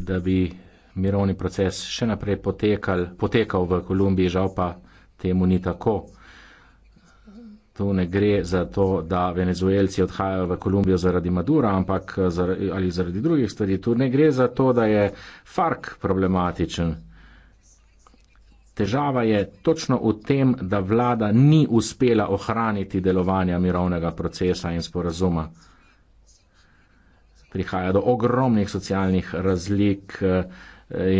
da bi mirovni proces še naprej potekal, potekal v Kolumbiji, žal pa temu ni tako. Tu ne gre za to, da venezuelci odhajajo v Kolumbijo zaradi Madura, ampak zaradi, ali zaradi drugih stvari. Tu ne gre za to, da je FARC problematičen. Težava je točno v tem, da vlada ni uspela ohraniti delovanja mirovnega procesa in sporazuma prihaja do ogromnih socialnih razlik eh,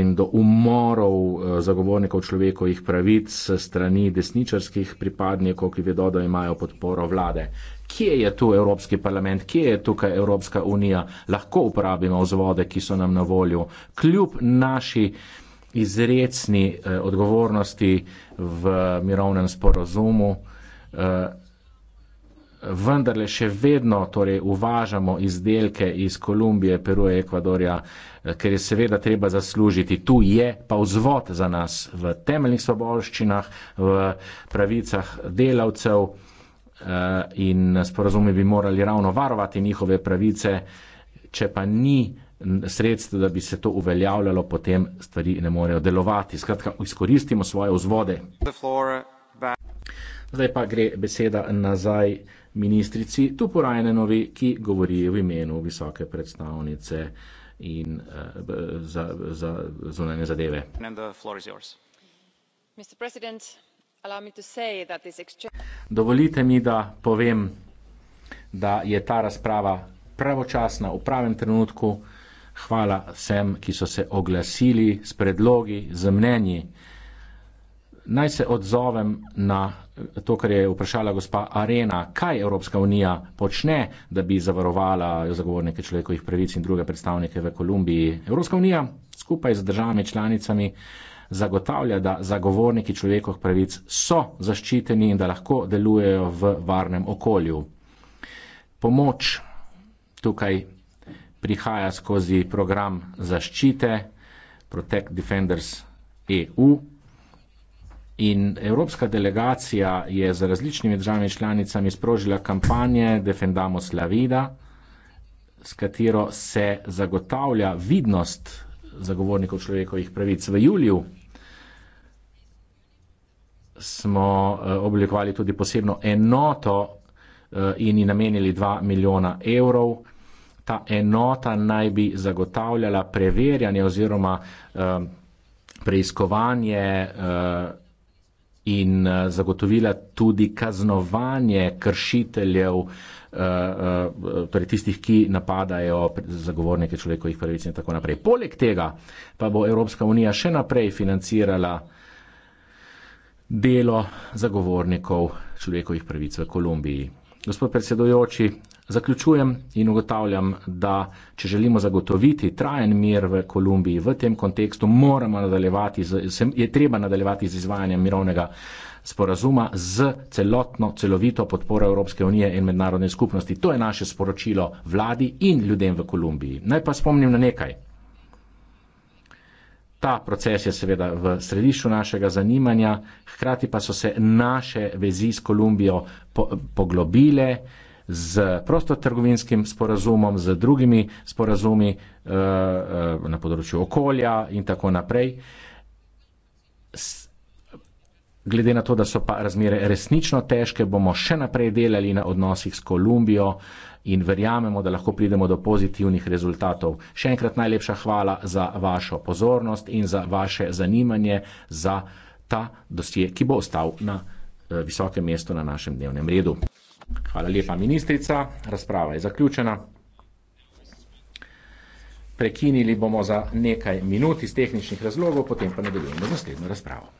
in do umorov eh, zagovornikov človekovih pravic strani desničarskih pripadnikov, ki vedo, da imajo podporo vlade. Kje je tu Evropski parlament, kje je tukaj Evropska unija, lahko uporabimo vzvode, ki so nam na voljo, kljub naši izrecni eh, odgovornosti v mirovnem sporozumu vendarle še vedno torej, uvažamo izdelke iz Kolumbije, Peruja, Ekvadorja, eh, ker je seveda treba zaslužiti. Tu je pa vzvod za nas v temeljnih svoboščinah, v pravicah delavcev eh, in sporazumi bi morali ravno varovati njihove pravice, če pa ni sredstvo, da bi se to uveljavljalo, potem stvari ne morejo delovati. Skratka, izkoristimo svoje vzvode. Zdaj pa gre beseda nazaj ministrici Tuporajnenovi, ki govori v imenu visoke predstavnice in uh, za zunanje zadeve. Dovolite mi, da povem, da je ta razprava pravočasna v pravem trenutku. Hvala vsem, ki so se oglasili s predlogi, z mnenji. Naj se odzovem na to, kar je vprašala gospa Arena. Kaj Evropska unija počne, da bi zavarovala zagovornike človekovih pravic in druge predstavnike v Kolumbiji? Evropska unija skupaj z državami članicami zagotavlja, da zagovorniki človekovih pravic so zaščiteni in da lahko delujejo v varnem okolju. Pomoč tukaj prihaja skozi program zaščite Protect Defenders EU, In evropska delegacija je z različnimi državami članicami sprožila kampanje Defendamos la Vida, s katero se zagotavlja vidnost zagovornikov človekovih pravic. V juliju smo eh, oblikovali tudi posebno enoto eh, in ji namenili 2 milijona evrov. Ta enota naj bi zagotavljala preverjanje oziroma eh, preiskovanje in uh, zagotovila tudi kaznovanje kršiteljev, uh, uh, torej tistih, ki napadajo zagovornike človekovih pravic in tako naprej. Poleg tega pa bo Evropska unija še naprej financirala delo zagovornikov človekovih pravic v Kolumbiji. Gospod predsedujoči, Zaključujem in ugotavljam, da če želimo zagotoviti trajen mir v Kolumbiji v tem kontekstu, nadaljevati z, se, je treba nadaljevati z izvajanjem mirovnega sporazuma z celotno, celovito podporo Evropske unije in mednarodne skupnosti. To je naše sporočilo vladi in ljudem v Kolumbiji. Naj pa spomnim na nekaj. Ta proces je seveda v središču našega zanimanja, hkrati pa so se naše vezi s Kolumbijo po, poglobile z prostotrgovinskim sporazumom, z drugimi sporazumi eh, eh, na področju okolja in tako naprej. Glede na to, da so pa razmere resnično težke, bomo še naprej delali na odnosih s Kolumbijo in verjamemo, da lahko pridemo do pozitivnih rezultatov. Še enkrat najlepša hvala za vašo pozornost in za vaše zanimanje za ta dosje, ki bo ostal na eh, visokem mestu na našem dnevnem redu. Hvala lepa, ministrica. Razprava je zaključena. Prekinili bomo za nekaj minut iz tehničnih razlogov, potem pa nadaljujemo z naslednjo razpravo.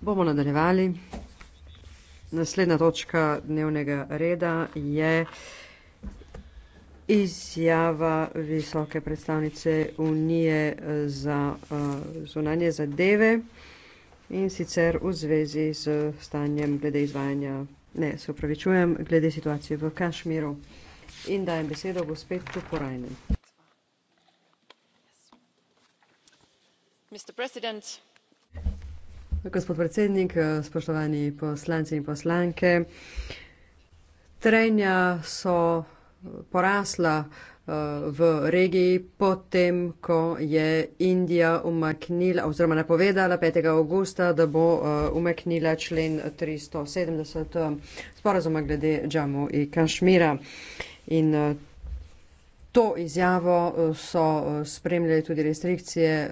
bomo nadaljevali naslednja točka dnevnega reda je izjava visoke predstavnice unije za uh, zunanje zadeve in sicer v zvezi z stanjem glede izvajanja ne se opravičujem glede situacije v kašmiru in dajem besedo gospe tuporajne gospod predsednik, eh, spoštovani poslanci in poslanke. Trenja so eh, porasla eh, v regiji potem, ko je Indija umaknila oziroma napovedala 5. augusta, da bo umaknila člen 370 sporazuma glede Džamu in Kašmira. In to izjavo so spremljali tudi restrikcije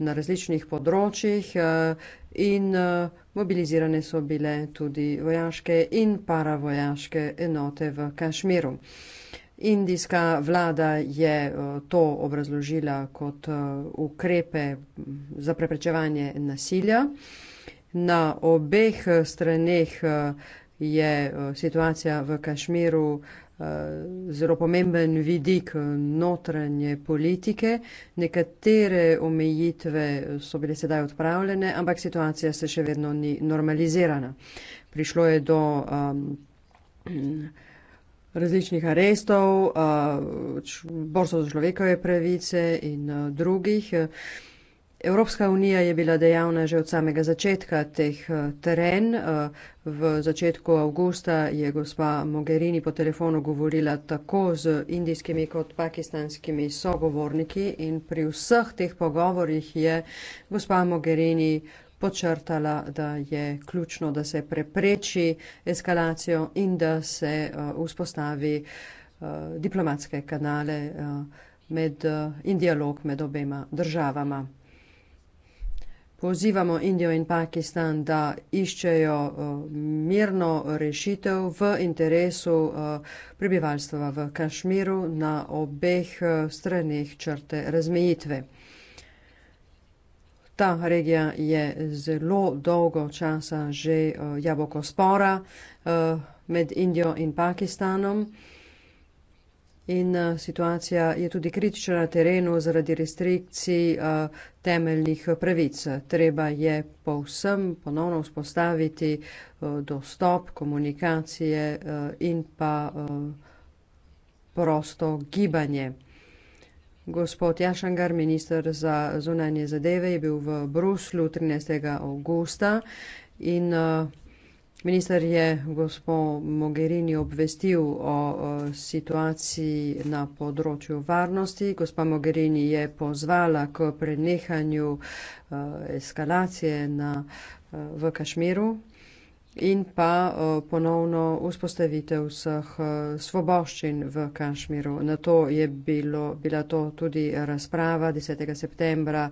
na različnih področjih eh, in eh, mobilizirane so bile tudi vojaške in paravojaške enote v Kašmiru. Indijska vlada je eh, to obrazložila kot ukrepe mm, za preprečevanje nasilja. Na obeh straneh je situacija v Kašmiru Eh, zelo pomemben vidik notranje politike. Nekatere omejitve so bile sedaj odpravljene, ampak situacija se še vedno ni normalizirana. Prišlo je do um, različnih arestov, uh, eh, borstvo za človekove pravice in uh, drugih. Uh, Evropska unija je bila dejavna že od samega začetka teh eh, teren. Eh, v začetku avgusta je gospa Mogherini po telefonu govorila tako z indijskimi kot pakistanskimi sogovorniki in pri vseh teh pogovorjih je gospa Mogherini počrtala, da je ključno, da se prepreči eskalacijo in da se eh, vzpostavi diplomatske kanale med, in dialog med obema državama. Pozivamo Indijo in Pakistan, da iščejo eh, mirno rešitev v interesu eh, prebivalstva v Kašmiru na obeh eh, stranih črte razmejitve. Ta regija je zelo dolgo časa že jaboko spora med Indijo in Pakistanom. In eh, situacija je tudi kritična na terenu zaradi restrikcij eh, temeljnih eh, pravic. Treba je povsem ponovno vzpostaviti dostop, komunikacije in pa prosto gibanje. Gospod Jašangar, minister za zunanje zadeve, je bil v Bruslu 13. augusta in Minister je gospod Mogherini obvestil o, o situaciji na področju varnosti. Gospa Mogherini je pozvala k prenehanju o, e, eskalacije na, o, e, v Kašmiru in pa o, e, ponovno vzpostavitev vseh svoboščin v Kašmiru. Na to je bilo, bila to tudi razprava 10. septembra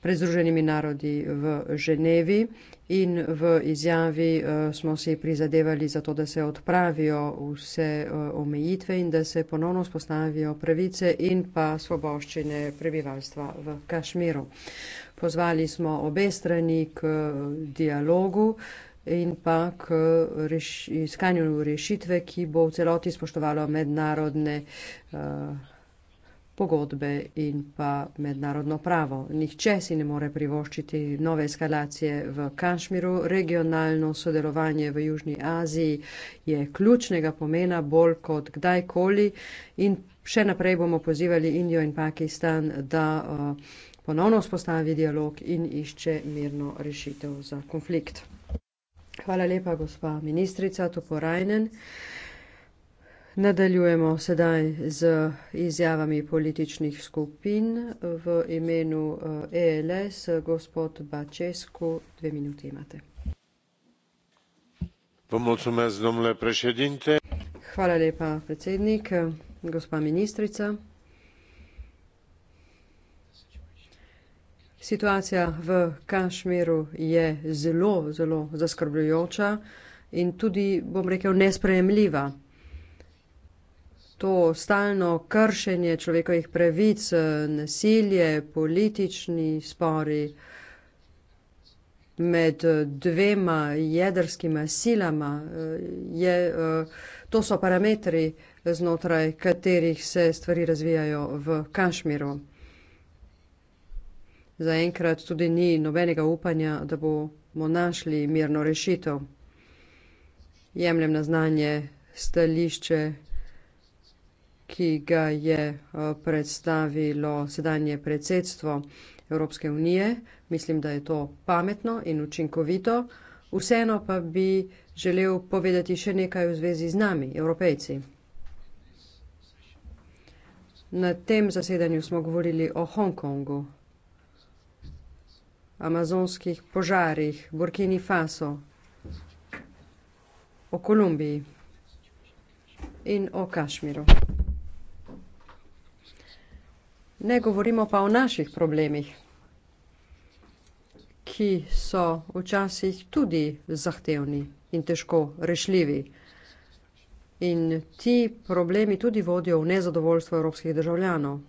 pred Združenimi narodi v Ženevi in v izjavi eh, smo si prizadevali za to, da se odpravijo vse eh, omejitve in da se ponovno spostavijo pravice in pa svoboščine prebivalstva v Kašmiru. Pozvali smo obe strani k eh, dialogu in pa k reš iskanju rešitve, ki bo v celoti spoštovalo mednarodne uh, pogodbe in pa mednarodno pravo. Nihče si ne more privoščiti nove eskalacije v Kašmiru. Regionalno sodelovanje v Južni Aziji je ključnega pomena bolj kot kdajkoli in še naprej bomo pozivali Indijo in Pakistan, da eh, ponovno vzpostavi dialog in išče mirno rešitev za konflikt. Hvala lepa, gospa ministrica Toporajnen. Nadaljujemo sedaj z izjavami političnih skupin v imenu ELS. Eh, e gospod Bačesku, dve minuti imate. Hvala lepa, predsednik. Gospa ministrica. Situacija v Kašmiru je zelo, zelo zaskrbljujoča in tudi, bom rekel, nesprejemljiva to stalno kršenje človekovih pravic, nasilje, politični spori med dvema jedrskima silama, eh, je, eh, to so parametri, znotraj katerih se stvari razvijajo v Kašmiru. Zaenkrat tudi ni nobenega upanja, da bomo našli mirno rešitev. Jemljem na znanje stališče ki ga je eh, predstavilo sedanje predsedstvo Evropske unije. Mislim, da je to pametno in učinkovito. Vseeno pa bi želel povedati še nekaj v zvezi z nami, evropejci. Na tem zasedanju smo govorili o Hongkongu, amazonskih požarih, Burkini Faso, o Kolumbiji in o Kašmiru. Ne govorimo pa o naših problemih, ki so včasih tudi zahtevni in težko rešljivi. In ti problemi tudi vodijo v nezadovoljstvo evropskih državljanov.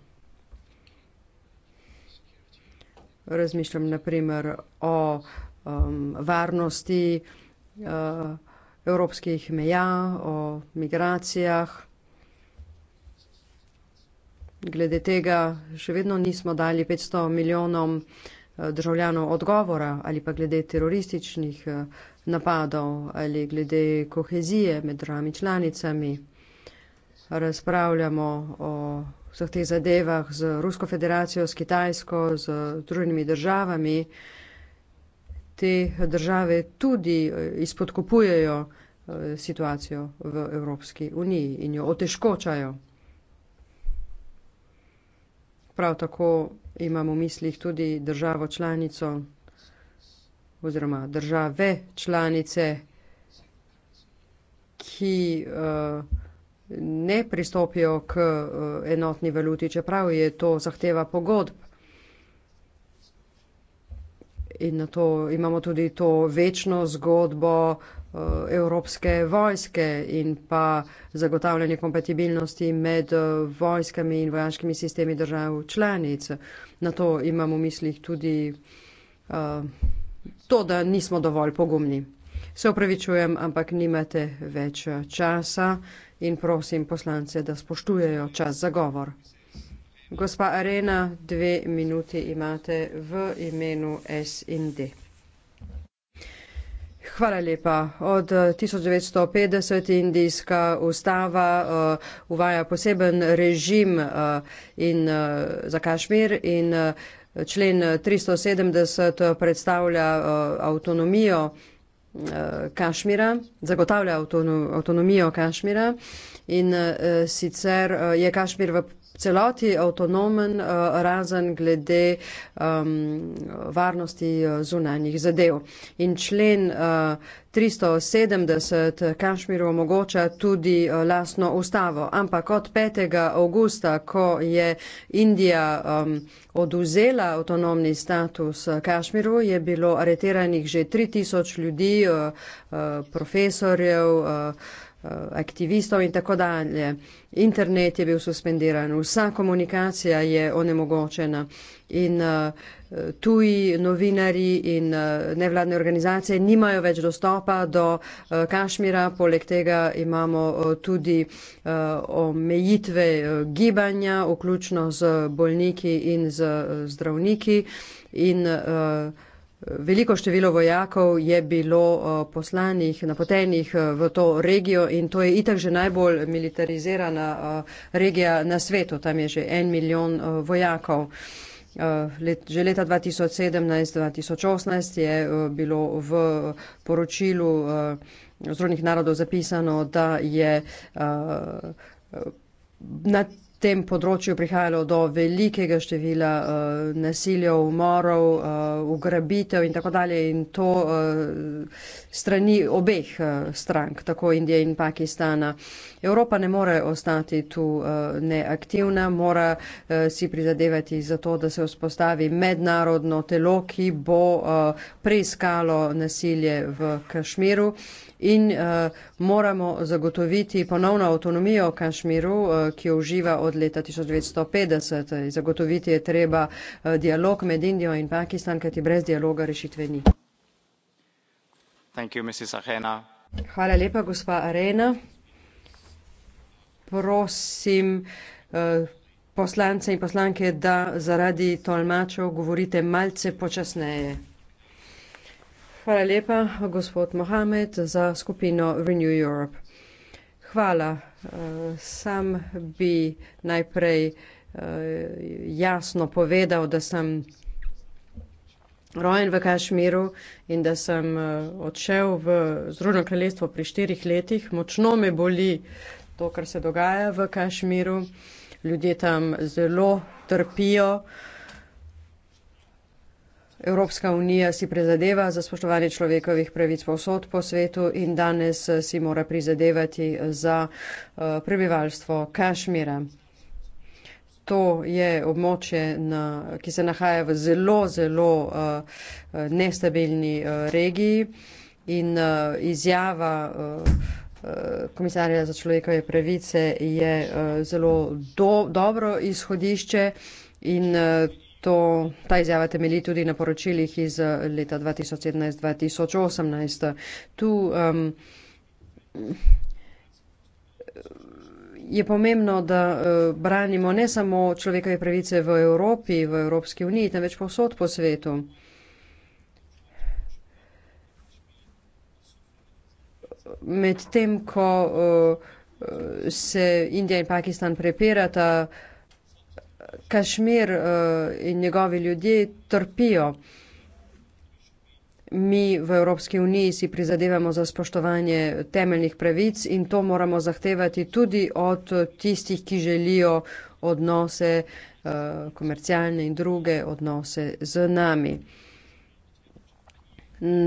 Razmišljam na primer o um, varnosti uh, evropskih meja, o migracijah glede tega še vedno nismo dali 500 milijonom eh, državljanov odgovora ali pa glede terorističnih eh, napadov ali glede kohezije med državami članicami. Razpravljamo o vseh teh zadevah z Rusko federacijo, s Kitajsko, z druženimi državami. Te države tudi eh, izpodkupujejo situacijo v Evropski uniji in jo otežkočajo prav tako imamo v mislih tudi državo članico oziroma države članice, ki uh, ne pristopijo k uh, enotni valuti, čeprav je to zahteva pogodb. In na to imamo tudi to večno zgodbo uh, Eh, evropske vojske in pa zagotavljanje kompatibilnosti med eh, vojskami in vojaškimi sistemi držav članic. Na to imamo v mislih tudi uh, to, da nismo dovolj pogumni. Se upravičujem, ampak nimate več časa in prosim poslance, da spoštujejo čas za govor. Gospa Arena, dve minuti imate v imenu SND. Hvala lepa. Od 1950 indijska ustava uh, uvaja poseben režim uh, in, uh, za Kašmir in uh, člen 370 predstavlja uh, avtonomijo uh, Kašmira, zagotavlja avtonomijo Kašmira in uh, sicer uh, je Kašmir v celoti avtonomen, eh, razen glede um, varnosti eh, zunanjih zadev. In člen uh, eh, 370 Kašmiru omogoča tudi lastno ustavo. Ampak od 5. augusta, ko je Indija um, oduzela avtonomni status Kašmiru, je bilo areteranih že 3000 ljudi, uh, uh, profesorjev, uh, Eh, aktivistov in tako dalje. Internet je bil suspendiran, vsa komunikacija je onemogočena in uh, tuji novinari in uh, nevladne organizacije nimajo več dostopa do uh, Kašmira, poleg tega imamo uh, tudi uh, omejitve uh, gibanja, vključno z bolniki in z uh, zdravniki. In, uh, Veliko število vojakov je bilo poslanih, napotenih v to regijo in to je itak že najbolj militarizirana regija na svetu. Tam je že en milijon vojakov. Let, že leta 2017-2018 je bilo v poročilu zrodnih narodov zapisano, da je na tem področju prihajalo do velikega števila uh, nasilja, umorov, uh, ugrabitev in tako dalje in to uh, strani obeh uh, strank, tako Indije in Pakistana. Evropa ne more ostati tu uh, neaktivna, mora uh, si prizadevati za to, da se vzpostavi mednarodno telo, ki bo uh, preiskalo nasilje v Kašmiru in uh, moramo zagotoviti ponovno avtonomijo Kašmiru, uh, ki jo uživa od od leta 1950. Zagotoviti je treba eh, dialog med Indijo in Pakistan, ker ti brez dialoga rešitve ni. You, Hvala lepa, gospa Arena. Prosim eh, poslance in poslanke, da zaradi tolmačev govorite malce počasneje. Hvala lepa, gospod Mohamed, za skupino Renew Europe. Hvala. Eh, sam bi najprej eh, jasno povedal, da sem rojen v Kašmiru in da sem eh, odšel v Združeno kraljestvo pri štirih letih. Močno me boli to, kar se dogaja v Kašmiru. Ljudje tam zelo trpijo. Uh, Evropska unija si prizadeva za spoštovanje človekovih pravic povsod po svetu in danes eh, si mora prizadevati eh, za eh, prebivalstvo Kašmira. To je območje, na, ki se nahaja v zelo, zelo uh, nestabilni uh, regiji in uh, izjava uh, komisarja za človekove pravice je uh, zelo do, dobro izhodišče in uh, To, ta izjava temelji tudi na poročilih iz leta 2017-2018. Tu um, je pomembno, da uh, branimo ne samo človekove pravice v Evropi, v Evropski uniji, temveč povsod po svetu. Medtem, ko uh, uh se Indija in Pakistan prepirata, uh, Kašmir eh, in njegovi ljudje trpijo. Mi v Evropski uniji si prizadevamo za spoštovanje temeljnih pravic in to moramo zahtevati tudi od tistih, ki želijo odnose, eh, komercialne in druge odnose z nami.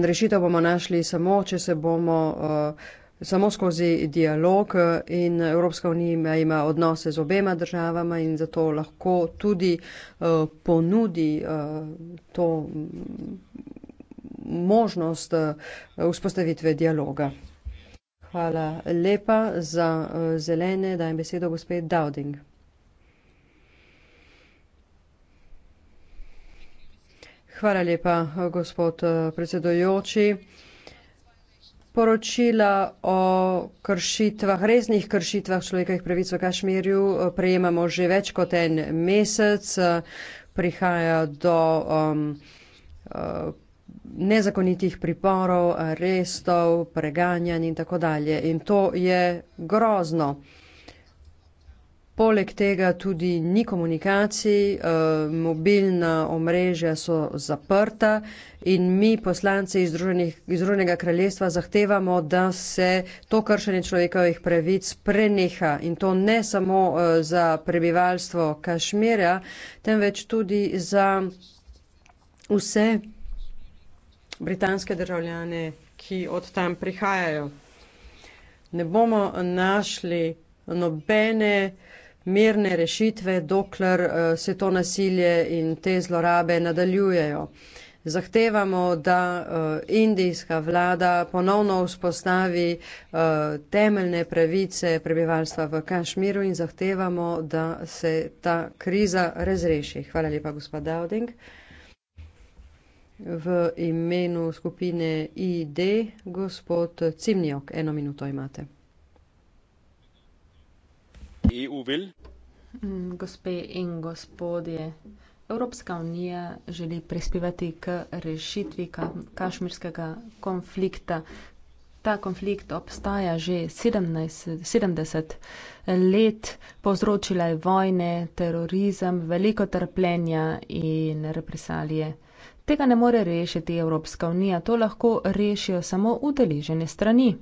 Rešitev bomo našli samo, če se bomo uh, samo skozi dialog eh, in Evropska unija ima odnose z obema državama in zato lahko tudi uh, ponudi uh, to mm, možnost vzpostavitve dialoga. Hvala lepa za zelene. Dajem besedo gospod Dowding. Hvala lepa, gospod predsedojoči poročila o kršitvah, resnih kršitvah človekovih pravic v Kašmirju eh, prejemamo že več kot en mesec. Eh, prihaja do um, eh, nezakonitih priporov, arestov, preganjanj in tako dalje. In to je grozno. Poleg tega tudi ni komunikacij, eh, mobilna omrežja so zaprta in mi poslanci iz Združenega kraljestva zahtevamo, da se to kršenje človekovih pravic preneha in to ne samo eh, za prebivalstvo Kašmirja, temveč tudi za vse britanske državljane, ki od tam prihajajo. Ne bomo našli nobene mirne rešitve, dokler eh, se to nasilje in te zlorabe nadaljujejo. Zahtevamo, da eh, indijska vlada ponovno vzpostavi eh, temeljne pravice prebivalstva v Kašmiru in zahtevamo, da se ta kriza razreši. Hvala lepa, gospod Dowding. V imenu skupine ID, gospod Cimnjok, eno minuto imate. EU will? Mm, gospe in gospodje, Evropska unija želi prispevati k rešitvi kašmirskega konflikta. Ta konflikt obstaja že 17, 70 let, povzročila je vojne, terorizem, veliko trpljenja in represalije. Tega ne more rešiti Evropska unija, to lahko rešijo samo udeležene strani.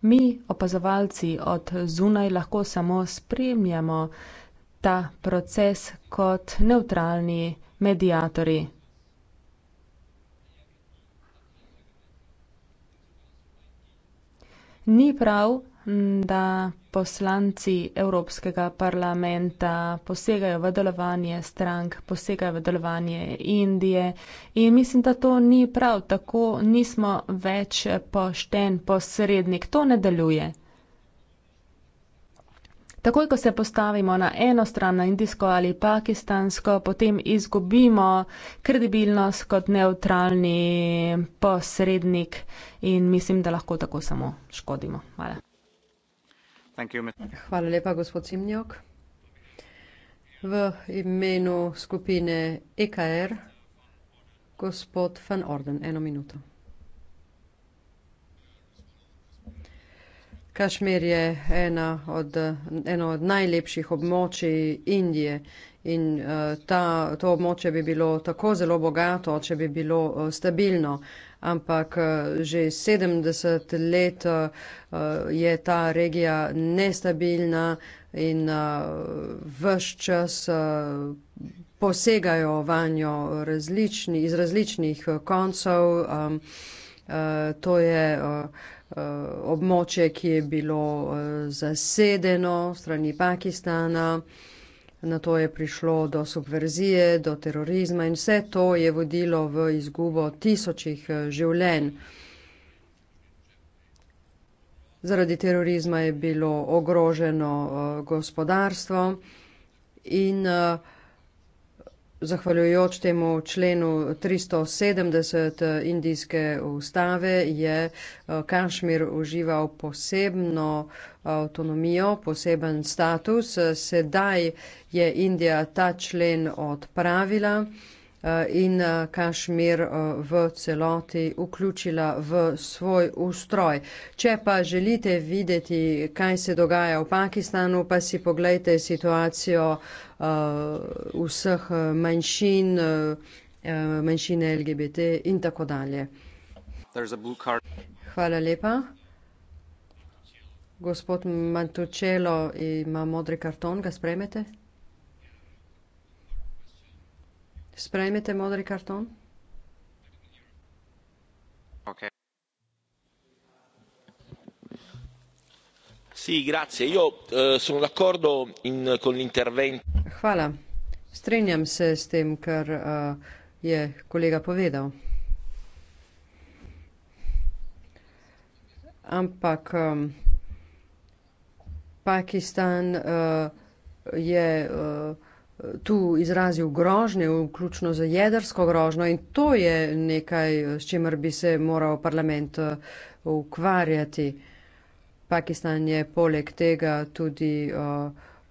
Mi, opazovalci od zunaj, lahko samo spremljamo ta proces kot neutralni medijatori. Ni prav, da poslanci Evropskega parlamenta posegajo v delovanje strank, posegajo v delovanje Indije in mislim, da to ni prav, tako nismo več pošten posrednik, to ne deluje. Takoj, ko se postavimo na eno stran, na indijsko ali pakistansko, potem izgubimo kredibilnost kot neutralni posrednik in mislim, da lahko tako samo škodimo. Hvala. Hvala lepa, gospod Simnjok. V imenu skupine EKR, gospod Van Orden, eno minuto. Kašmir je ena od, eno od najlepših območij Indije in uh, ta, to območje bi bilo tako zelo bogato, če bi bilo uh, stabilno. Uh, ampak eh, že 70 let eh, je ta regija nestabilna in eh, vse čas posegajo vanjo različni, iz različnih koncev. To je območje, ki je bilo zasedeno strani Pakistana. Na to je prišlo do subverzije, do terorizma in vse to je vodilo v izgubo tisočih eh, življenj. Zaradi terorizma je bilo ogroženo eh, gospodarstvo in uh, Zahvaljujoč temu členu 370 eh, indijske ustave je eh, Kašmir užival posebno eh, avtonomijo, poseben status. Sedaj je Indija ta člen odpravila. Eh, in eh, Kašmir eh, v celoti vključila v svoj ustroj. Če pa želite videti, kaj se dogaja v Pakistanu, pa si pogledajte situacijo vseh manjšin, manjšine LGBT in tako dalje. Hvala lepa. Gospod Mantučelo ima modri karton, ga spremete? Sprejmete modri karton? Ok. Sì, grazie. Io eh, sono d'accordo in, con l'intervento. Hvala. Strenjam se s tem, kar uh, je kolega povedal. Ampak um, Pakistan uh, je uh, tu izrazil grožnje, vključno z jedrsko grožnjo in to je nekaj, s čimer bi se moral parlament eh, ukvarjati. Pakistan je poleg tega tudi o, eh,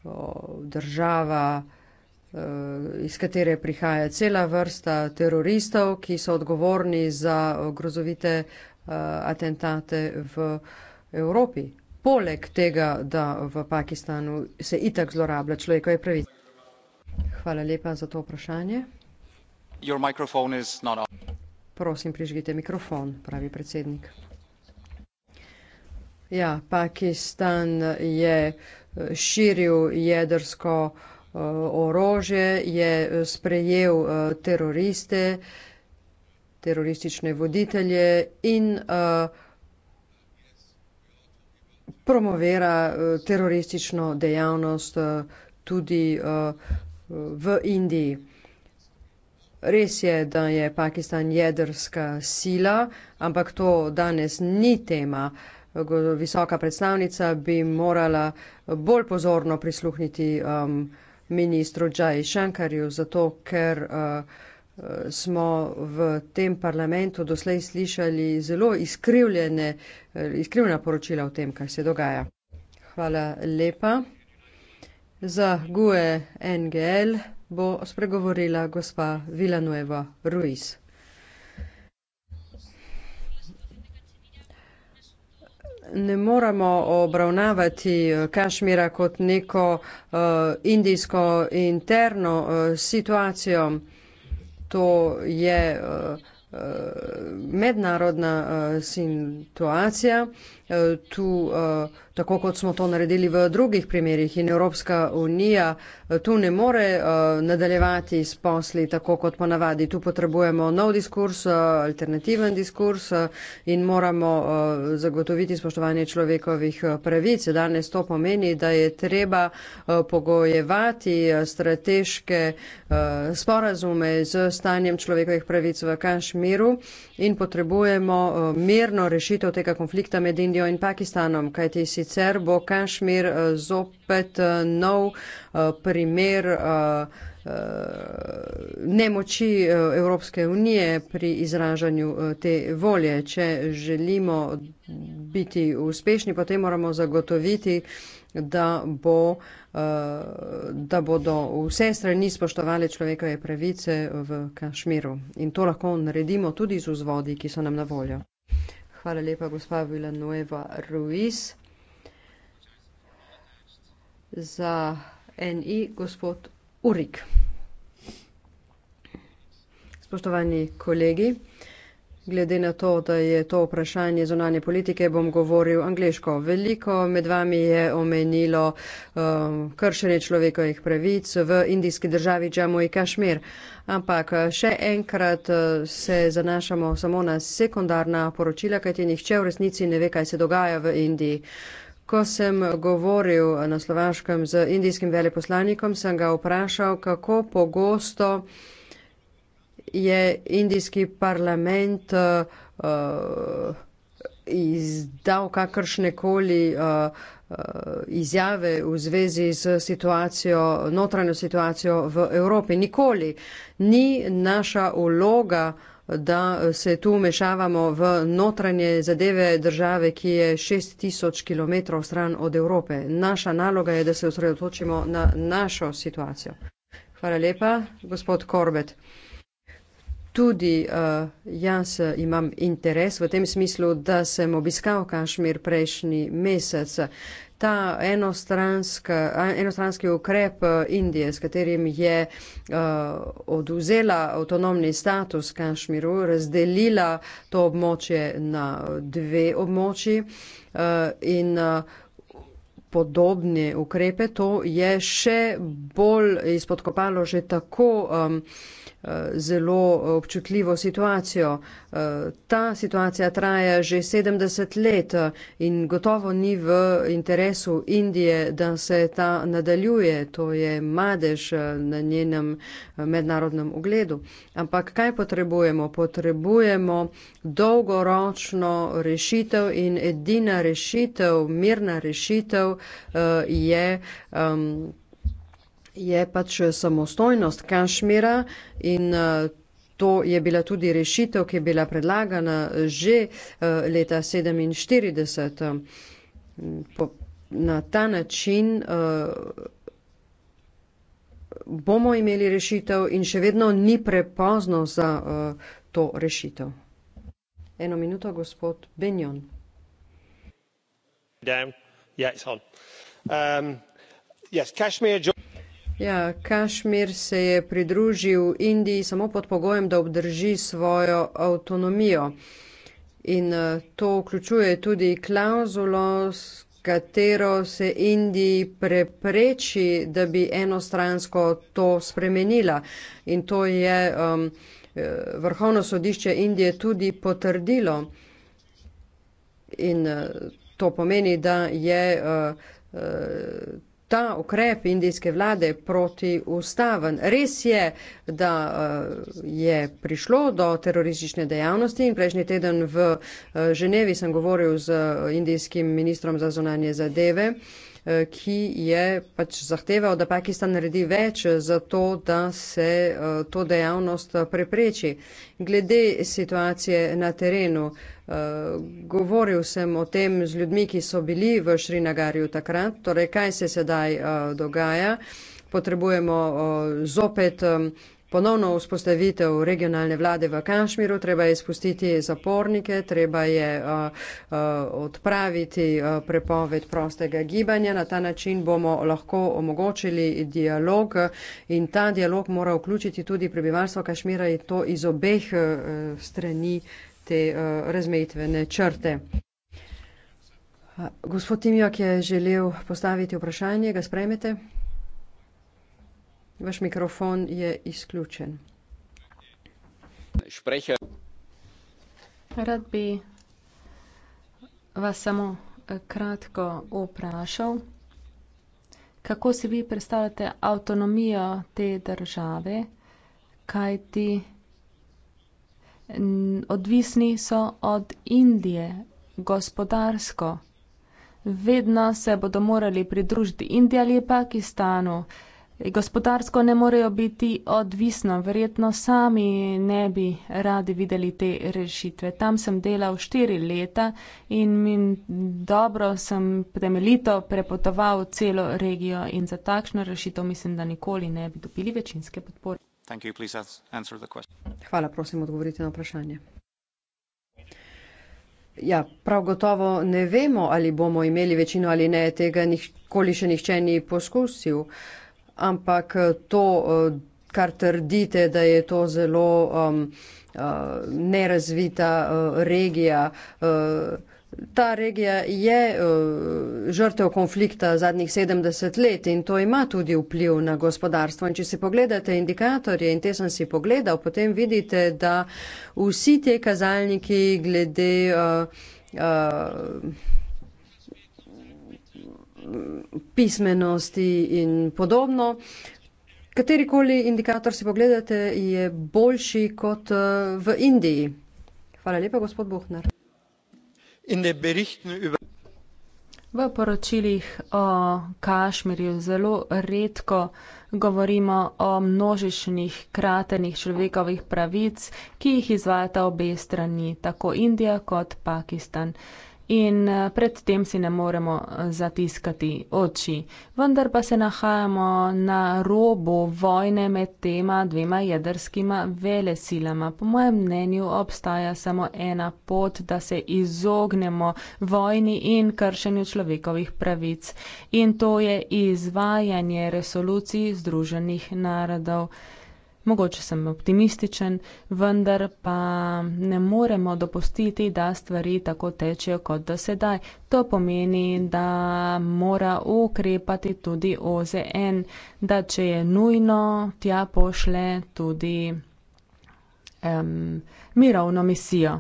o, država, eh, iz katere prihaja cela vrsta teroristov, ki so odgovorni za grozovite atentate v Evropi. Poleg tega, da v Pakistanu se itak zlorablja človekove pravice. Hvala lepa za to vprašanje. Prosim, prižgite mikrofon, pravi predsednik. Ja, Pakistan je eh, širil jedrsko eh, orožje, je eh, sprejel teroriste, teroristične voditelje in promovira teroristično dejavnost tudi v Indiji. Res je, da je Pakistan jedrska sila, ampak to danes ni tema. Visoka predstavnica bi morala bolj pozorno prisluhniti um, ministru Džaji Šankarju, zato ker uh, smo v tem parlamentu doslej slišali zelo iskrivljena uh, poročila o tem, kaj se dogaja. Hvala lepa. Za GUE NGL bo spregovorila gospa Villanueva Ruiz. Ne moremo obravnavati eh, Kašmira kot neko uh, indijsko interno uh, situacijo. To je uh, uh, mednarodna uh, situacija. Uh, Eh, tu, eh, tako kot smo to naredili v drugih primerjih in Evropska unija eh, tu ne more nadaljevati s posli tako kot ponavadi. Tu potrebujemo nov diskurs, alternativen diskurs in moramo zagotoviti spoštovanje človekovih pravic. Danes to pomeni, da je treba pogojevati strateške sporazume z stanjem človekovih pravic v Kašmiru in potrebujemo mirno rešitev tega konflikta med Indijo Indijo in Pakistanom, kajti sicer bo Kašmir eh, zopet eh, nov eh, primer nemoči Evropske unije pri izražanju te volje. Če želimo biti uspešni, potem moramo zagotoviti, da, bo, da bodo vse strani spoštovali človekove pravice v Kašmiru. In to lahko naredimo tudi z vzvodi, ki so nam na voljo. Hvala lepa, gospa Villanueva Ruiz. Za NI gospod Urik. Spoštovani kolegi. Glede na to, da je to vprašanje zonanje politike, bom govoril angliško. Veliko med vami je omenilo um, kršenje človekovih pravic v indijski državi Džamu in Kašmir. Ampak uh, še enkrat uh, se zanašamo samo na sekundarna poročila, kajti nihče v resnici ne ve, kaj se dogaja v Indiji. Ko sem govoril na slovaškem z indijskim veleposlanikom, sem ga vprašal, kako pogosto je indijski parlament uh, uh, izdal kakršne koli uh, eh, izjave v zvezi z situacijo, notranjo situacijo v Evropi. Nikoli ni naša vloga, da se tu mešavamo v notranje zadeve države, ki je 6000 km stran od Evrope. Naša naloga je, da se osredotočimo na našo situacijo. Hvala lepa, gospod Korbet tudi uh, jaz eh, imam interes v tem smislu, da sem obiskal Kašmir prejšnji mesec. Ta enostranski ukrep eh, Indije, s katerim je uh, oduzela avtonomni status Kašmiru, razdelila to območje na dve območji uh, in uh, podobne ukrepe, to je še bolj izpodkopalo že tako um, uh, zelo občutljivo situacijo. Uh, ta situacija traja že 70 let uh, in gotovo ni v interesu Indije, da se ta nadaljuje. To je madež na njenem mednarodnem ugledu. Ampak kaj potrebujemo? Potrebujemo dolgoročno rešitev in edina rešitev, mirna rešitev uh, je. Um, Je pač samostojnost Kašmira in eh, to je bila tudi rešitev, ki je bila predlagana že eh, leta 47. Na ta način bomo imeli rešitev in še vedno ni prepozno za to rešitev. Eno minuto, gospod Benjon. Dajem Um, kašmir ja, se je pridružil indiji samo pod pogojem da obdrži svojo avtonomijo in uh, to vključuje tudi klauzulo s katero se indiji prepreči da bi enostransko to spremenila in to je um, eh, vrhovno sodišče indije tudi potrdilo in uh, To pomeni, da je uh, uh, ta ukrep indijske vlade protiustaven. Res je, da uh, je prišlo do teroristične dejavnosti in prejšnji teden v uh, Ženevi sem govoril z indijskim ministrom za zunanje zadeve. Uh, Eh, ki je pač zahteval, da Pakistan naredi več za to, da se eh, to dejavnost prepreči. Glede situacije na terenu, eh, govoril sem o tem z ljudmi, ki so bili v Šrinagarju takrat, torej kaj se sedaj dogaja. Potrebujemo zopet ponovno vzpostavitev regionalne vlade v Kašmiru, treba je spustiti zapornike, treba je uh, uh, odpraviti uh, prepoved prostega gibanja. Na ta način bomo lahko omogočili dialog in ta dialog mora vključiti tudi prebivalstvo Kašmira in to iz obeh uh, strani te uh, razmejitvene črte. Gospod Timjak je želel postaviti vprašanje, ga sprejmete? Vaš mikrofon je izključen. Rad bi vas samo eh, kratko vprašal, kako si vi predstavljate avtonomijo te države, kaj ti odvisni so od Indije gospodarsko. Vedno se bodo morali pridružiti Indiji ali Pakistanu gospodarsko ne morejo biti odvisno, verjetno sami ne bi radi videli te rešitve. Tam sem delal štiri leta in dobro sem temeljito prepotoval celo regijo in za takšno rešitev mislim, da nikoli ne bi dobili večinske podpore. Hvala, prosim, odgovorite na vprašanje. Ja, prav gotovo ne vemo, ali bomo imeli večino ali ne, tega nikoli še nihče ni poskusil. Uh, ampak eh, to, eh, kar trdite, da je to zelo um, eh, nerazvita regija. Ta regija je žrtev konflikta zadnjih 70 let in to ima tudi vpliv na gospodarstvo. In če si pogledate indikatorje in te sem si pogledal, potem vidite, da vsi te kazalniki glede. Uh, uh, pismenosti in podobno. Katerikoli indikator si pogledate, je boljši kot eh, v Indiji. Hvala lepa, gospod Buhner. V poročilih o Kašmirju zelo redko govorimo o množičnih kratenih človekovih pravic, ki jih izvajata obe strani, tako Indija kot Pakistan in eh, predtem si ne moremo eh, zatiskati oči. Vendar pa se nahajamo na robu vojne med tema dvema jedrskima velesilama. Po mojem mnenju obstaja samo ena pot, da se izognemo vojni in kršenju človekovih pravic. In to je izvajanje resolucij Združenih narodov mogoče sem optimističen, vendar pa ne moremo dopustiti, da stvari tako tečejo kot do sedaj. To pomeni, da mora ukrepati tudi OZN, da če je nujno, tja pošle tudi um, mirovno misijo.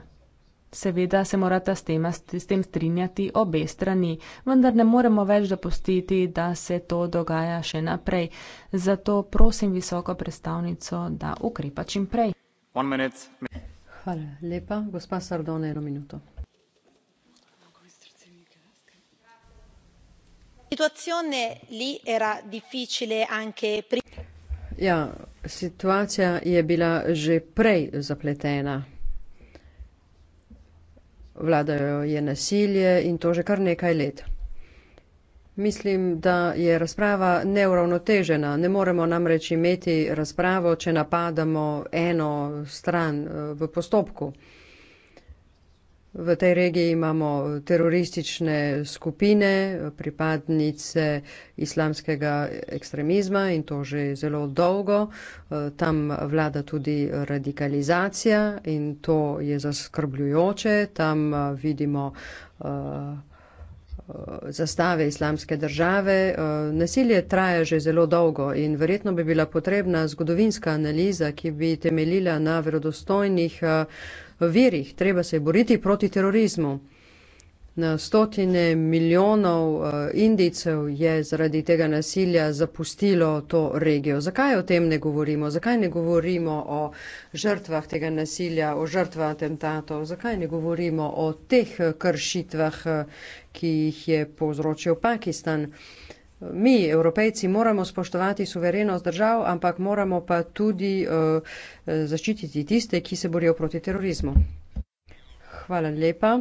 Seveda se morata s, tema, s tem strinjati obe strani, vendar ne moremo več dopustiti, da se to dogaja še naprej. Zato prosim visoko predstavnico, da ukrepa čim prej. Hvala lepa, gospa Sardone, eno minuto. Ja, situacija je bila že prej zapletena vladajo je nasilje in to že kar nekaj let. Mislim, da je razprava neuravnotežena. Ne moremo namreč imeti razpravo, če napadamo eno stran eh, v postopku. V tej regiji imamo teroristične skupine, pripadnice islamskega ekstremizma in to že zelo dolgo. Eh, tam vlada tudi radikalizacija in to je zaskrbljujoče. Tam eh, vidimo eh, zastave islamske države. Nasilje traja že zelo dolgo in verjetno bi bila potrebna zgodovinska analiza, ki bi temeljila na verodostojnih v virih, treba se boriti proti terorizmu. Na stotine milijonov eh, Indijcev je zaradi tega nasilja zapustilo to regijo. Zakaj o tem ne govorimo? Zakaj ne govorimo o žrtvah tega nasilja, o žrtvah atentatov? Zakaj ne govorimo o teh eh, kršitvah, eh, ki jih je povzročil Pakistan? Mi, evropejci, moramo spoštovati suverenost držav, ampak moramo pa tudi uh, zaščititi tiste, ki se borijo proti terorizmu. Hvala lepa.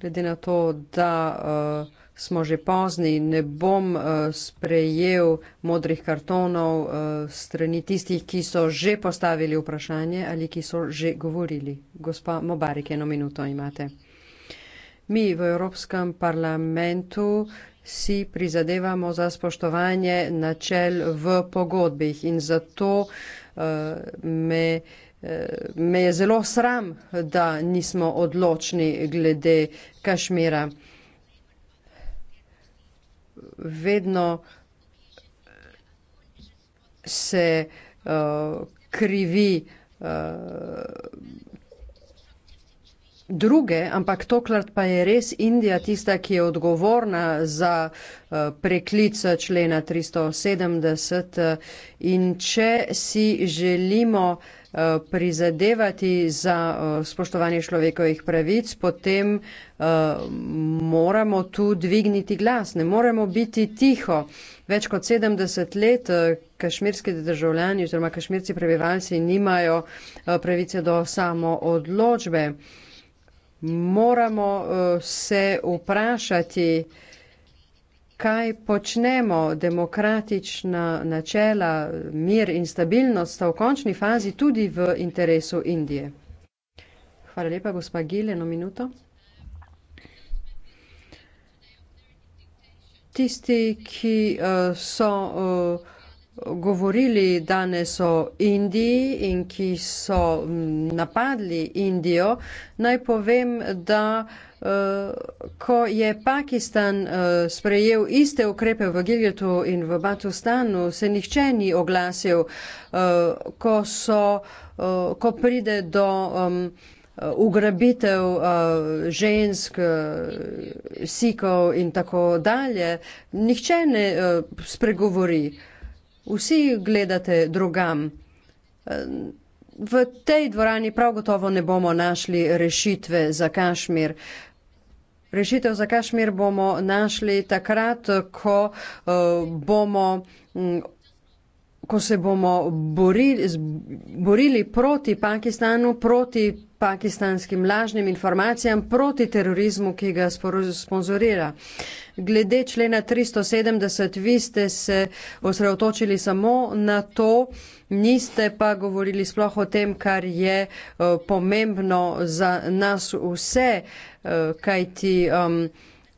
Glede na to, da uh, smo že pozni, ne bom uh, sprejel modrih kartonov uh, strani tistih, ki so že postavili vprašanje ali ki so že govorili. Gospa Mobarik, eno minuto imate. Mi v Evropskem parlamentu si prizadevamo za spoštovanje načel v pogodbih in zato uh, me, uh, me je zelo sram, da nismo odločni glede Kašmira. Vedno se uh, krivi uh, druge, ampak tokrat pa je res Indija tista, ki je odgovorna za eh, preklic eh, člena 370. Eh, in če si želimo prizadevati za spoštovanje človekovih pravic, potem moramo tu dvigniti glas. Ne moremo biti tiho. Več kot 70 let kašmirski državljani oziroma kašmirci prebivalci nimajo pravice do samo odločbe moramo eh, se vprašati, kaj počnemo, demokratična načela, mir in stabilnost sta v končni fazi tudi v interesu Indije. Hvala lepa, gospa Gileno minuto. Tisti, ki uh, so uh, govorili danes o Indiji in ki so napadli Indijo, naj povem, da eh, ko je Pakistan eh, sprejel iste ukrepe v Giljotu in v Batustanu, se nihče ni oglasil, eh, ko, so, ko pride do ugrabitev uh, žensk, uh, sikov in tako dalje, nihče ne uh, spregovori. Uh, vsi gledate drugam. V tej dvorani prav gotovo ne bomo našli rešitve za Kašmir. Rešitev za Kašmir bomo našli takrat, ko eh, bomo mm, ko se bomo borili, borili proti Pakistanu, proti pakistanskim lažnim informacijam, proti terorizmu, ki ga sponzorira. Glede člena 370, vi ste se osredotočili samo na to, niste pa govorili sploh o tem, kar je uh, pomembno za nas vse, uh, kajti. Um,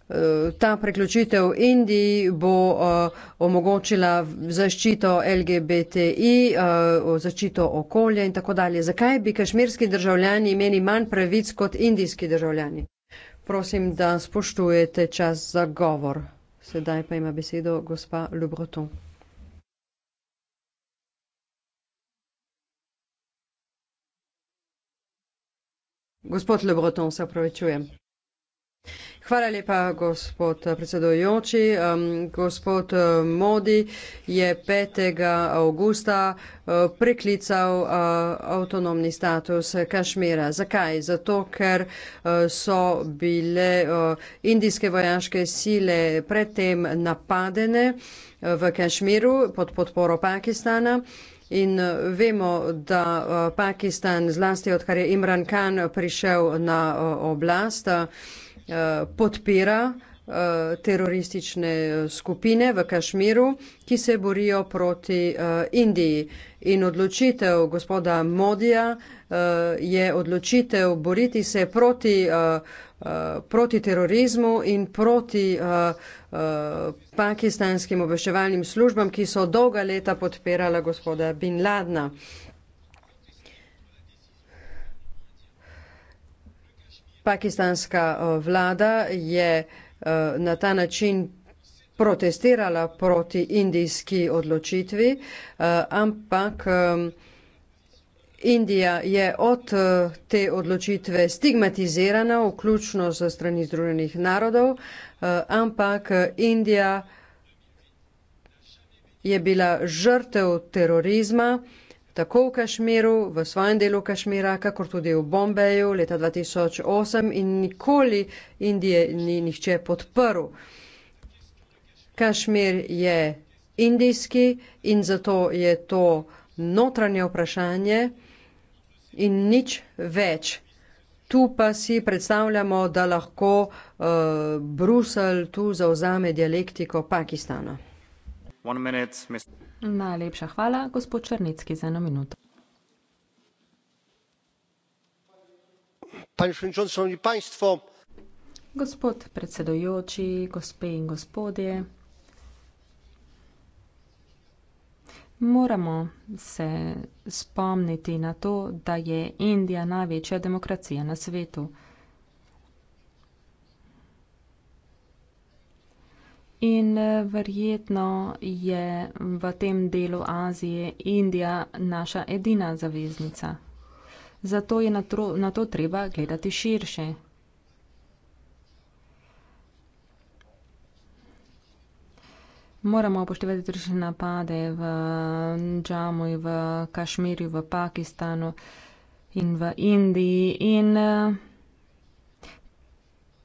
Eh, ta preključitev Indiji bo eh, omogočila zaščito LGBTI, eh, zaščito okolja in tako dalje. Zakaj bi kašmirski državljani imeli manj pravic kot indijski državljani? Prosim, da spoštujete čas za govor. Sedaj pa ima besedo gospa Lubroton. Gospod Lebroton, se opravičujem. Hvala lepa, gospod predsedojoči. Um, gospod uh, Modi je 5. avgusta uh, preklical uh, avtonomni status Kašmira. Zakaj? Zato, ker uh, so bile uh, indijske vojaške sile predtem napadene uh, v Kašmiru pod podporo Pakistana. In uh, vemo, da uh, Pakistan, zlasti odkar je Imran Khan prišel na oblast, uh, Eh, podpira eh, teroristične eh, skupine v Kašmiru, ki se borijo proti Indiji. In odločitev gospoda Modija je odločitev boriti se proti, proti terorizmu in proti pakistanskim obveščevalnim službam, ki so dolga leta podpirala gospoda Bin Ladna. Pakistanska eh, vlada je eh, na ta način protestirala proti indijski odločitvi, eh, ampak Indija je od te odločitve stigmatizirana, vključno z strani Združenih narodov, ampak Indija je bila žrtev terorizma tako v Kašmiru, v svojem delu Kašmira, kakor tudi v Bombeju leta 2008 in nikoli Indije ni nihče podprl. Kašmir je indijski in zato je to notranje vprašanje in nič več. Tu pa si predstavljamo, da lahko uh, eh, Brusel tu zauzame dialektiko Pakistana. Najlepša hvala, gospod Črnecki, za eno minuto. Gospod predsedujoči, gospe in gospodje, moramo se spomniti na to, da je Indija največja demokracija na svetu. In eh, verjetno je v tem delu Azije Indija naša edina zaveznica. Zato je na to, na to treba gledati širše. Moramo upoštevati tržne napade v Džamu, v Kašmirju, v Pakistanu in v Indiji. In uh, eh,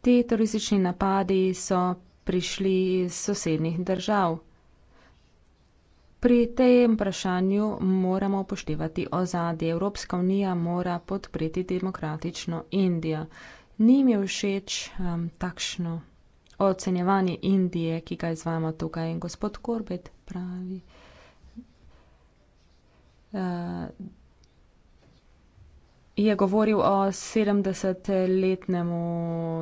ti teroristični napadi so prišli iz sosednjih držav. Pri tem vprašanju moramo upoštevati ozadje. Evropska unija mora podpreti demokratično Indijo. Nim je všeč um, takšno ocenjevanje Indije, ki ga izvajamo tukaj. In gospod Korbet pravi, uh, je govoril o 70-letnemu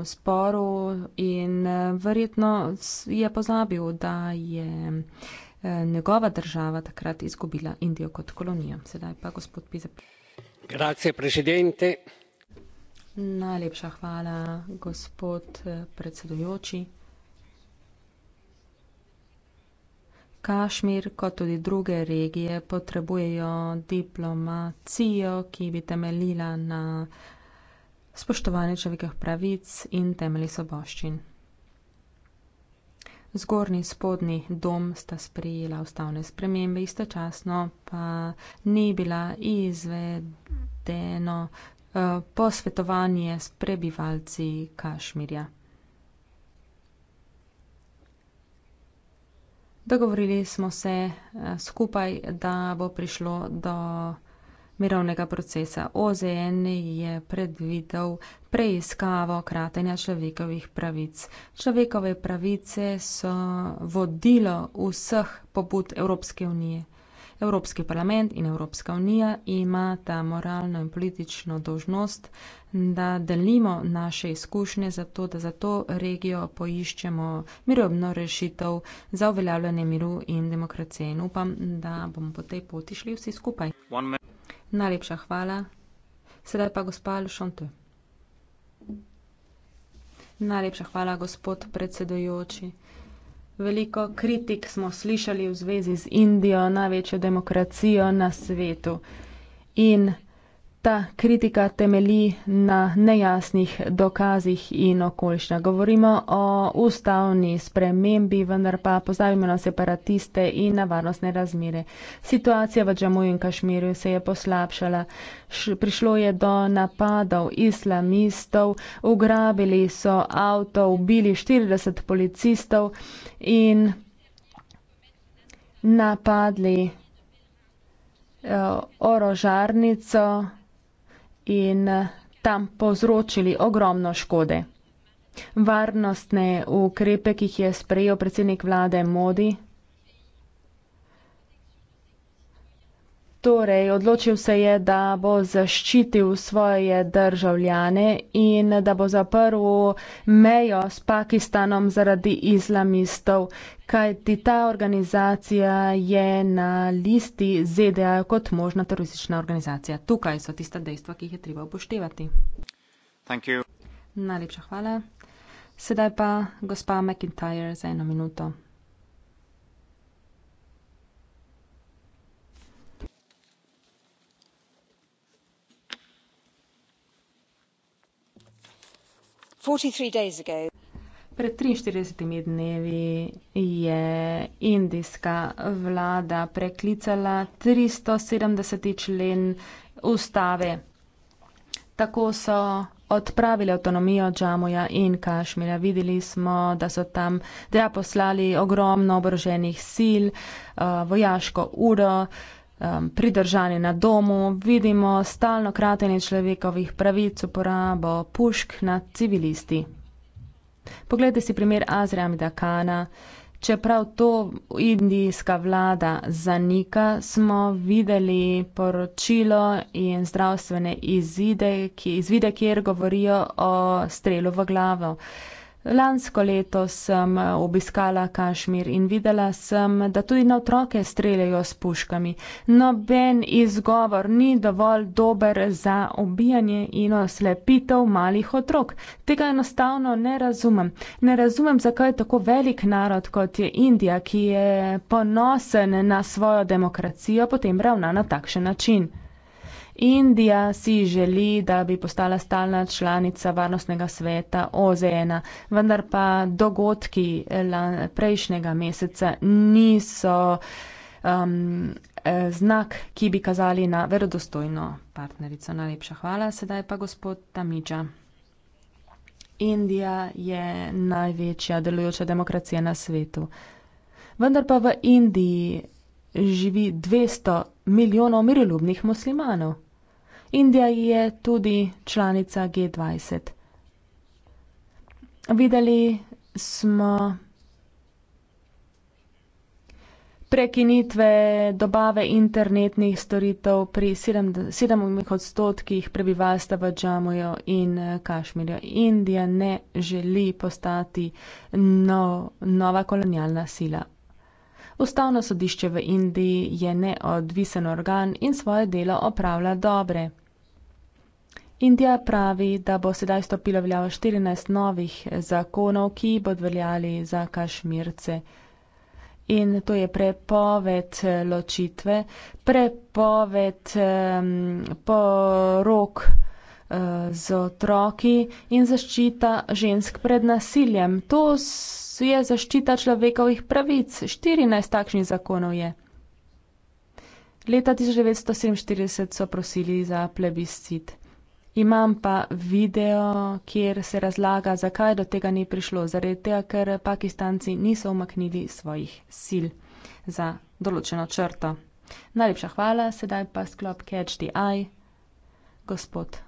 sporu in eh, verjetno je pozabil, da je eh, njegova država takrat izgubila Indijo kot kolonijo. Sedaj pa gospod Pizep. Grazie, predsedujoči. Najlepša hvala, gospod eh, predsedujoči. Kašmir kot tudi druge regije potrebujejo diplomacijo, ki bi temeljila na spoštovanju človekovih pravic in temeljih soboščin. Zgornji in spodnji dom sta sprejela ustavne spremembe, istočasno pa ni bila izvedeno uh, posvetovanje s prebivalci Kašmirja. Dogovorili smo se eh, skupaj, da bo prišlo do mirovnega procesa. OZN je predvidel preiskavo kratenja človekovih pravic. Človekove pravice so vodilo vseh pobud Evropske unije. Evropski parlament in Evropska unija imata moralno in politično dožnost, da delimo naše izkušnje za to, da za to regijo poiščemo mirovno rešitev za uveljavljanje miru in demokracije. In upam, da bomo po tej poti šli vsi skupaj. Najlepša hvala. Sedaj pa gospa Lešonte. Najlepša hvala, gospod predsedojoči. Veliko kritik smo slišali v zvezi z Indijo, največjo demokracijo na svetu. In ta kritika temelji na nejasnih dokazih in okoljšnja. Govorimo o ustavni spremembi, vendar pa pozdravimo na separatiste in na varnostne razmere. Situacija v Džamuju in Kašmirju se je poslabšala. Prišlo je do napadov islamistov, ugrabili so avto, ubili 40 policistov in napadli eh, orožarnico, in eh, tam povzročili ogromno škode. Varnostne ukrepe, ki jih je sprejel predsednik vlade Modi, Torej, odločil se je, da bo zaščitil svoje državljane in da bo zaprl mejo s Pakistanom zaradi islamistov, kajti ta organizacija je na listi ZDA kot možna teroristična organizacija. Tukaj so tista dejstva, ki jih je treba upoštevati. Najlepša hvala. Sedaj pa gospa McIntyre za eno minuto. Pred 43 dnevi je indijska vlada preklicala 370. člen ustave. Tako so odpravili avtonomijo Džamuja in Kašmira. Videli smo, da so tam deja poslali ogromno oboroženih sil, uh, vojaško uro um, pridržani na domu, vidimo stalno kratenje človekovih pravic, uporabo pušk nad civilisti. Poglejte si primer Azra Amidakana. Čeprav to indijska vlada zanika, smo videli poročilo in zdravstvene izide, ki, izvide, kjer govorijo o strelu v glavo. Uh, Lansko leto sem eh, obiskala Kašmir in videla sem, da tudi na otroke streljajo s puškami. Noben izgovor ni dovolj dober za obijanje in oslepitev malih otrok. Tega enostavno ne razumem. Ne razumem, zakaj je tako velik narod kot je Indija, ki je ponosen na svojo demokracijo, potem ravna na takšen način. Indija si želi, da bi postala stalna članica varnostnega sveta OZN, vendar pa dogodki prejšnjega meseca niso um, eh, znak, ki bi kazali na verodostojno partnerico. Najlepša hvala, sedaj pa gospod Tamidža. Indija je največja delujoča demokracija na svetu. Vendar pa v Indiji živi 200 milijonov miroljubnih muslimanov. Indija je tudi članica G20. Videli smo prekinitve dobave internetnih storitev pri 7 odstotkih prebivalstva v Džamujo in eh, Kašmirju. Indija ne želi postati no, nova kolonialna sila Ustavno sodišče v Indiji je neodvisen organ in svoje delo opravlja dobre. Indija pravi, da bo sedaj stopilo veljavo 14 novih zakonov, ki bo veljali za kašmirce. In to je prepoved ločitve, prepoved um, porok. Eh, z otroki in zaščita žensk pred nasiljem. To je zaščita človekovih pravic. 14 takšnih zakonov je. Leta 1947 so prosili za plebiscit. Imam pa video, kjer se razlaga, zakaj do tega ni prišlo. Zaradi tega, ker pakistanci niso umaknili svojih sil za določeno črto. Najlepša hvala, sedaj pa sklop Catch the Eye. Gospod.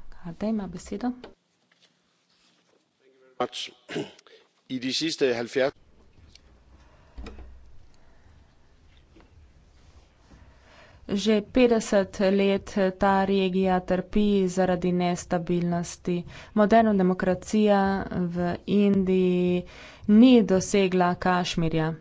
Že petdeset let ta regija trpi zaradi nestabilnosti. Moderna demokracija v Indiji ni dosegla Kašmirja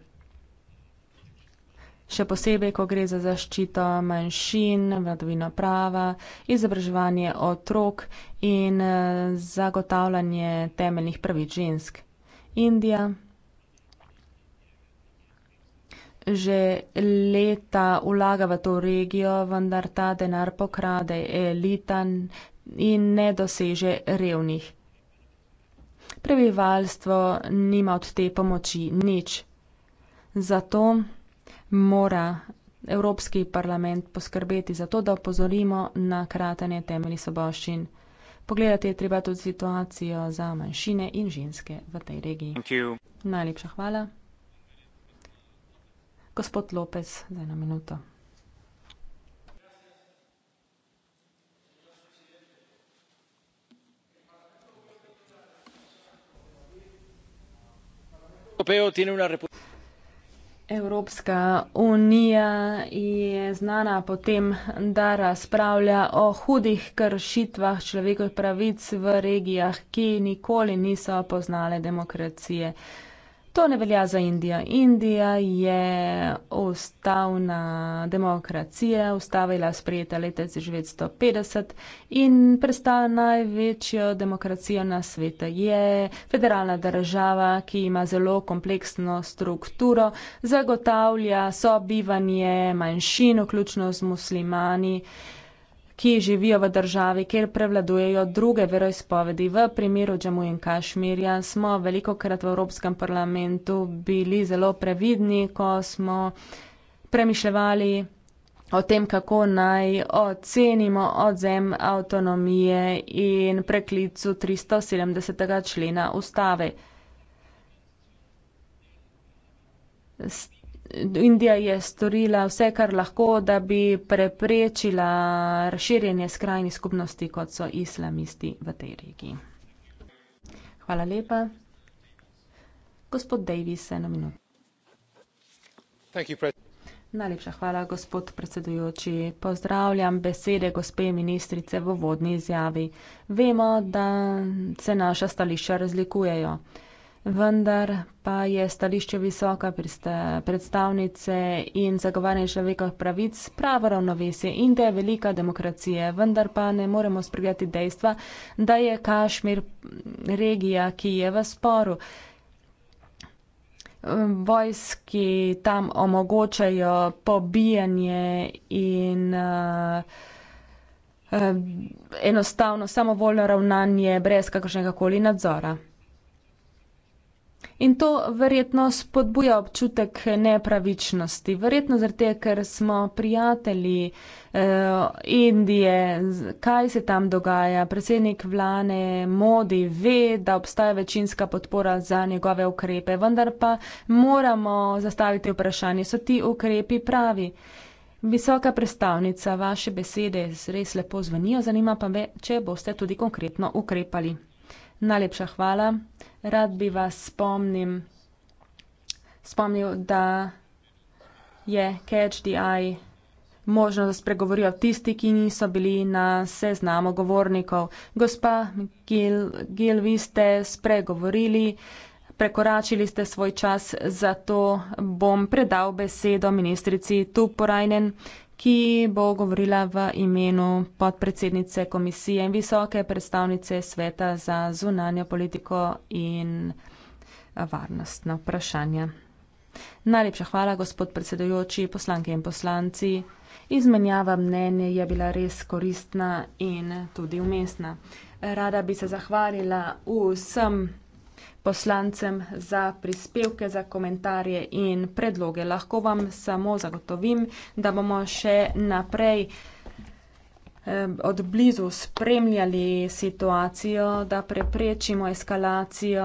še posebej, ko gre za zaščito manjšin, vladavino prava, izobraževanje otrok in eh, zagotavljanje temeljnih pravic žensk. Indija. Že leta vlaga v to regijo, vendar ta denar pokrade elitan in ne doseže revnih. Prebivalstvo nima od te pomoči nič. Zato mora Evropski parlament poskrbeti za to, da opozorimo na kratenje temeljih soboščin. Pogledati je treba tudi situacijo za manjšine in ženske v tej regiji. Najlepša hvala. Gospod Lopez, za eno minuto. Evropska unija je znana po tem, da razpravlja o hudih kršitvah človekovih pravic v regijah, ki nikoli niso poznale demokracije. To ne velja za Indijo. Indija je ustavna demokracija, ustava je bila sprejeta leta 1950 in predstavlja največjo demokracijo na svetu. Je federalna država, ki ima zelo kompleksno strukturo, zagotavlja sobivanje manjšin, vključno z muslimani ki živijo v državi, kjer prevladujejo druge veroizpovedi. V primeru Džamu in Kašmirja smo veliko krat v Evropskem parlamentu bili zelo previdni, ko smo premišljevali o tem, kako naj ocenimo odzem avtonomije in preklicu 370. člena ustave. Indija je storila vse, kar lahko, da bi preprečila razširjenje skrajnih skupnosti, kot so islamisti v tej regiji. Hvala lepa. Gospod Davis, eno minuto. Najlepša hvala, gospod predsedujoči. Pozdravljam besede gospe ministrice v vodni izjavi. Vemo, da se naša stališča razlikujejo vendar pa je stališče visoka predstavnice in zagovarjanje človekovih pravic pravo ravnovesje in da je velika demokracija, vendar pa ne moremo spregledati dejstva, da je Kašmir regija, ki je v sporu. Vojski tam omogočajo pobijanje in uh, enostavno samovoljno ravnanje brez kakršnega koli nadzora. In to verjetno spodbuja občutek nepravičnosti. Verjetno zaradi tega, ker smo prijatelji eh, Indije, kaj se tam dogaja. Predsednik vlade Modi ve, da obstaja večinska podpora za njegove ukrepe, vendar pa moramo zastaviti vprašanje, so ti ukrepi pravi. Visoka predstavnica, vaše besede res lepo zvenijo, zanima pa me, če boste tudi konkretno ukrepali. Najlepša hvala. Rad bi vas spomnim, spomnil, da je CatchDI možno, da spregovorijo tisti, ki niso bili na seznamu govornikov. Gospa Gil, Gil vi ste spregovorili, prekoračili ste svoj čas, zato bom predal besedo ministrici Tuporajnen, ki bo govorila v imenu podpredsednice komisije in visoke predstavnice sveta za zunanjo politiko in eh, varnostna vprašanja. Najlepša hvala, gospod predsedujoči, poslanke in poslanci. Izmenjava mnenje je bila res koristna in tudi umestna. Rada bi se zahvalila vsem poslancem za prispevke, za komentarje in predloge. Lahko vam samo zagotovim, da bomo še naprej eh, odblizu spremljali situacijo, da preprečimo eskalacijo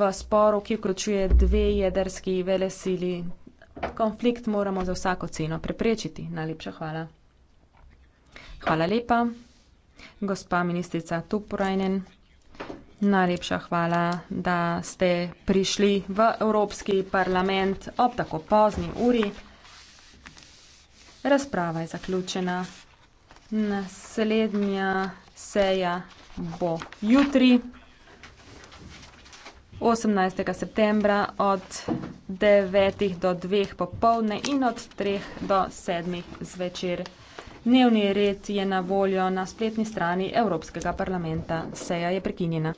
v sporu, ki vključuje dve jedrski velesili. Konflikt moramo za vsako ceno preprečiti. Najlepša hvala. Hvala lepa. Gospa ministrica Tuprajnen. Najlepša hvala, da ste prišli v Evropski parlament ob tako pozni uri. Razprava je zaključena. Naslednja seja bo jutri, 18. septembra, od 9. do 2. popovdne in od 3. do 7. zvečer. Dnevni red je na voljo na spletni strani Evropskega parlamenta. Seja je prekinjena.